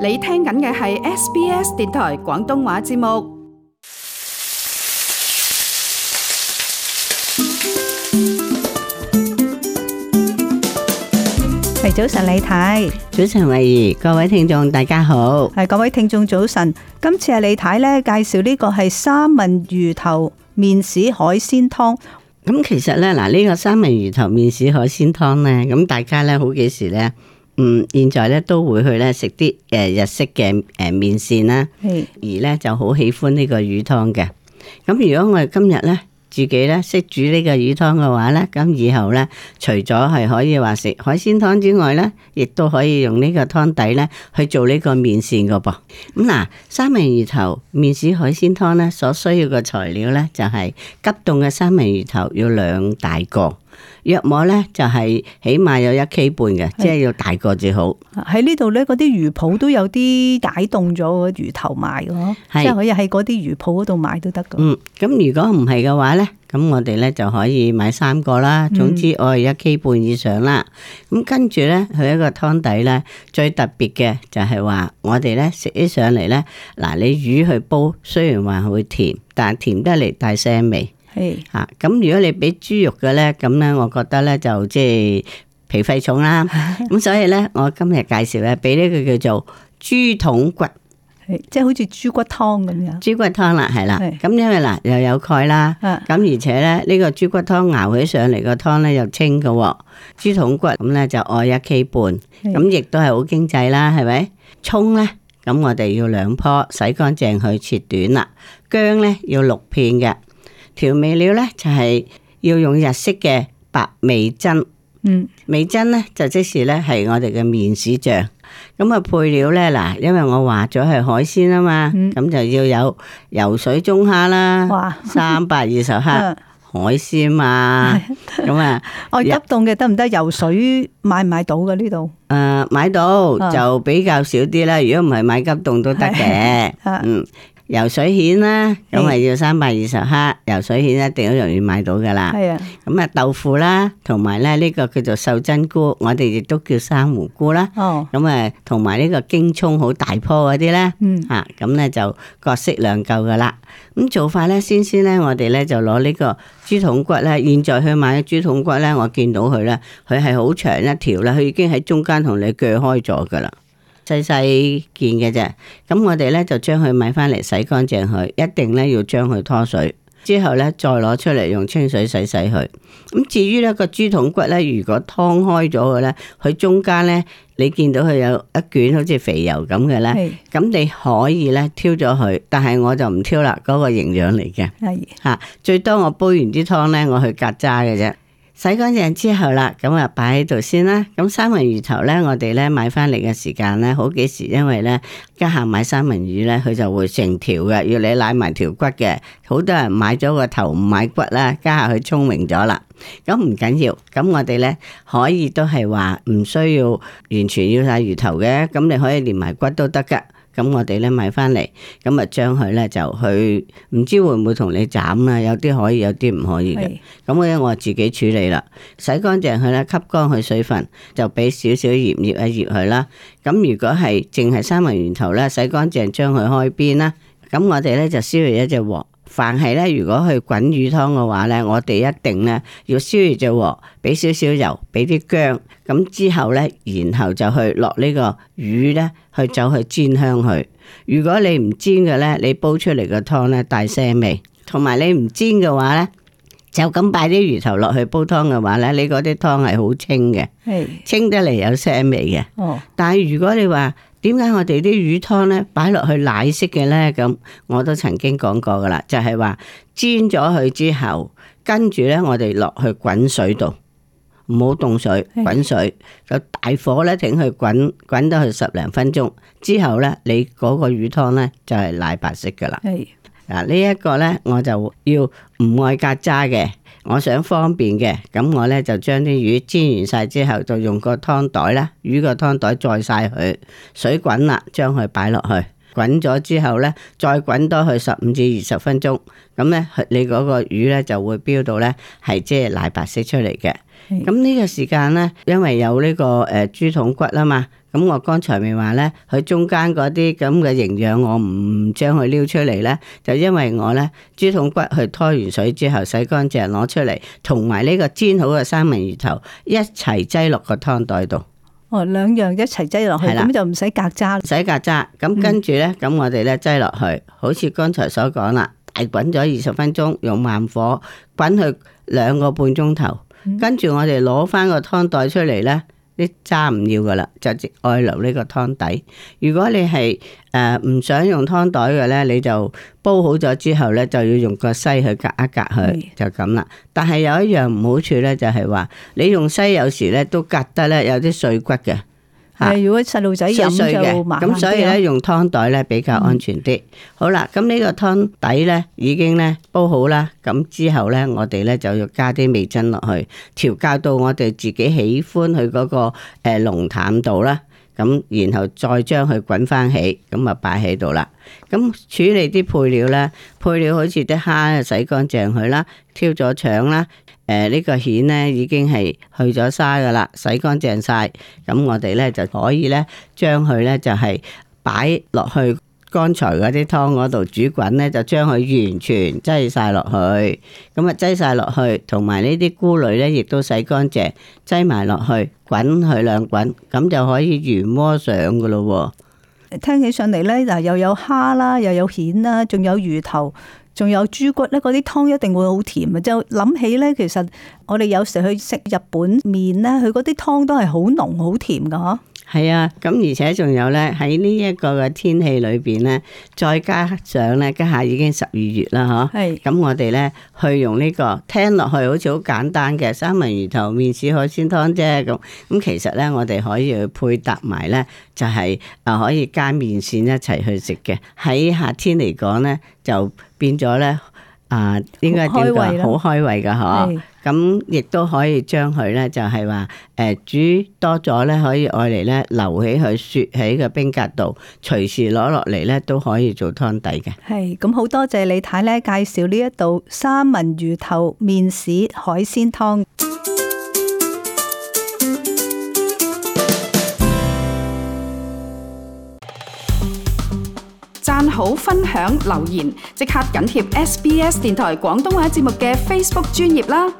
你聽緊嘅係 SBS 電台廣東話節目。係早晨李太，早晨慧怡，各位聽眾大家好。係各位聽眾早晨，今次係李太咧介紹呢個係三文魚頭麵豉海鮮湯。咁其實咧嗱，呢個三文魚頭麵豉海鮮湯咧，咁大家咧好幾時咧？嗯，現在咧都會去咧食啲誒日式嘅誒麵線啦，是而咧就好喜歡呢個魚湯嘅。咁如果我哋今日咧自己咧識煮呢個魚湯嘅話咧，咁以後咧除咗係可以話食海鮮湯之外咧，亦都可以用呢個湯底咧去做呢個麵線嘅噃。咁嗱，三文魚頭麵豉海鮮湯咧所需要嘅材料咧就係急凍嘅三文魚頭要兩大個。約莫咧就係、是、起碼有一 K 半嘅。是即係要大個至好。喺呢度咧，嗰啲魚鋪都有啲解凍咗嘅魚頭賣嘅。是即係可以喺嗰啲魚鋪嗰度買都得嘅。嗯，咁如果唔係嘅話咧，咁我哋咧就可以買三個啦。總之我係一 K 半以上啦。咁、嗯、跟住咧，佢一個湯底咧，最特別嘅就係話我哋咧食起上嚟，咧，嗱，你魚去煲，雖然話會甜，但係甜得嚟帶腥味。係吓咁，是如果你俾豬肉嘅咧，咁咧，我覺得咧就即係脾肺重啦。咁 所以咧，我今日介紹咧，俾呢個叫做豬筒骨，即係好似豬骨湯咁樣，豬骨湯啦，係啦。咁因為嗱又有鈣啦，咁而且咧呢個豬骨湯熬起上嚟個湯咧又清嘅。豬筒骨咁咧就愛一 k 半，咁亦都係好經濟啦，係咪？蔥咧，咁我哋要兩棵洗乾淨去切短啦，薑咧要六片嘅。調味料咧就係要用日式嘅白味噌，嗯，味噌咧就即係咧係我哋嘅麵豉醬。咁啊配料咧嗱，因為我話咗係海鮮啊嘛，咁、嗯、就要有游水中蝦啦，哇，三百二十克海鮮啊，咁啊，我急凍嘅得唔得？游水買唔買到㗎呢度？誒、呃，買到就比較少啲啦。如果唔係買急凍都得嘅， 嗯。游水蜆啦，咁啊要三百二十克，的游水蜆一定好容易買到噶啦。係啊的，咁啊豆腐啦，同埋咧呢個叫做秀珍菇，我哋亦都叫珊瑚菇啦。哦，咁啊同埋呢個京葱好大棵嗰啲咧，嗯、啊咁咧就各色量夠噶啦。咁做法咧，先先咧，我哋咧就攞呢個豬筒骨咧，現在去買嘅豬筒骨咧，我見到佢咧，佢係好長一條啦，佢已經喺中間同你鋸開咗噶啦。細細件嘅啫，咁我哋咧就將佢買翻嚟洗乾淨佢，一定咧要將佢拖水，之後咧再攞出嚟用清水洗洗佢。咁至於咧個豬筒骨咧，如果湯開咗佢咧，佢中間咧你見到佢有一卷好似肥油咁嘅咧，咁是你可以咧挑咗佢，但係我就唔挑啦，嗰、那個營養嚟嘅。係吓是，最多我煲完啲湯咧，我去隔渣嘅啫。洗乾淨之後啦，咁啊擺喺度先啦。咁三文魚頭呢，我哋呢買翻嚟嘅時間呢，好幾時，因為呢家下買三文魚呢，佢就會成條嘅，要你瀨埋條骨嘅。好多人買咗個頭唔買骨啦，家下佢聰明咗啦。咁唔緊要，咁我哋呢可以都係話唔需要完全要晒魚頭嘅，咁你可以連埋骨都得噶。咁我哋咧買翻嚟，咁啊將佢咧就去，唔知會唔會同你斬啦，有啲可以，有啲唔可以嘅。咁我哋是我自己處理啦，洗乾淨佢咧，吸乾佢水分，就俾少少鹽醃一醃佢啦。咁如果係淨係三文魚頭咧，洗乾淨將佢開邊啦，咁我哋咧就燒去一隻鑊。凡係咧，如果去滾魚湯嘅話咧，我哋一定咧要燒熱隻鑊，俾少少油，俾啲薑，咁之後咧，然後就去落呢個魚咧，去走去煎香佢。如果你唔煎嘅咧，你煲出嚟嘅湯咧帶腥味。同埋你唔煎嘅話咧，就咁擺啲魚頭落去煲湯嘅話咧，你嗰啲湯係好清嘅，清得嚟有腥味嘅。哦，但係如果你話，點解我哋啲魚湯咧擺落去奶色嘅咧？咁我都曾經講過噶啦，就係話煎咗佢之後，跟住咧我哋落去滾水度，唔好凍水，滾水就大火咧整佢滾，滾得去十零分鐘之後咧，你嗰個魚湯咧就係奶白色噶啦。嗱，呢一個呢，我就要唔愛格渣嘅，我想方便嘅，咁我咧就將啲魚煎完晒之後，就用個湯袋咧，魚個湯袋再曬佢，水滾啦，將佢擺落去。滾咗之後呢，再滾多佢十五至二十分鐘，咁呢，你嗰個魚呢就會飆到呢，係即係奶白色出嚟嘅。咁呢的個時間呢，因為有呢個誒豬筒骨啊嘛，咁我剛才咪話呢，佢中間嗰啲咁嘅營養我唔將佢撩出嚟呢，就因為我呢，豬筒骨去拖完水之後洗乾淨攞出嚟，同埋呢個煎好嘅三文魚頭一齊擠落個湯袋度。哦，兩樣一齊擠落去，咁的就唔使隔渣，唔使隔渣。咁、嗯、跟住咧，咁我哋咧擠落去，好似剛才所講啦，大滾咗二十分鐘，用慢火滾佢兩個半鐘頭，跟住我哋攞翻個湯袋出嚟咧。啲渣唔要噶啦，就直愛留呢個湯底。如果你係誒唔想用湯袋嘅咧,你就煲好咗之後咧，就要用個篩去隔一隔佢，嗯，就咁，是啦。但係有一樣唔好處咧，就係話你用篩有時咧都隔得咧，有啲碎骨嘅。誒，啊、如果細路仔飲就麻，咁所以咧用湯袋咧比較安全啲。嗯、好啦，咁呢個湯底咧已經咧煲好啦，咁之後咧我哋咧就要加啲味精落去，調教到我哋自己喜歡去嗰、那個誒、呃、濃淡度啦。咁然後再將佢滾返起，咁啊擺喺度啦。咁處理啲配料咧，配料好似啲蝦啊，洗乾淨佢啦，挑咗腸啦。誒，呢個蜆呢已經係去咗沙噶啦，洗乾淨晒，咁我哋呢就可以呢將佢呢就係擺落去剛才嗰啲湯嗰度煮滾，呢就將佢完全擠晒落去，咁啊擠晒落去，同埋呢啲菇類呢亦都洗乾淨，擠埋落去滾佢兩滾，咁就可以原窩上噶咯喎。聽起上嚟，呢，嗱，又有蝦啦，又有蜆啦，仲有魚頭。仲有豬骨咧，嗰啲湯一定會好甜啊，就諗起咧，其實。我哋有時去食日本麵咧，佢嗰啲湯都係好濃好甜噶嗬。係啊，咁而且仲有咧，喺呢一個嘅天氣裏邊咧，再加上咧，家下已經十二月啦嗬。係。咁我哋咧去用呢個，聽落去好似好簡單嘅三文魚頭麵豉海鮮湯啫。咁咁其實咧，我哋可以去配搭埋咧，就係誒可以加麵線一齊去食嘅。喺夏天嚟講咧，就變咗咧啊，應該點講，好開胃噶嗬。咁亦都可以將佢呢，就係話誒煮多咗呢，可以愛嚟呢，留起佢，雪起個冰格度，隨時攞落嚟呢，都可以做湯底嘅。係，咁好多謝李太呢介紹呢一道三文魚頭麵豉海鮮湯。讚好、分享、留言，即刻緊貼 SBS 電台廣東話節目嘅 Facebook 專頁啦！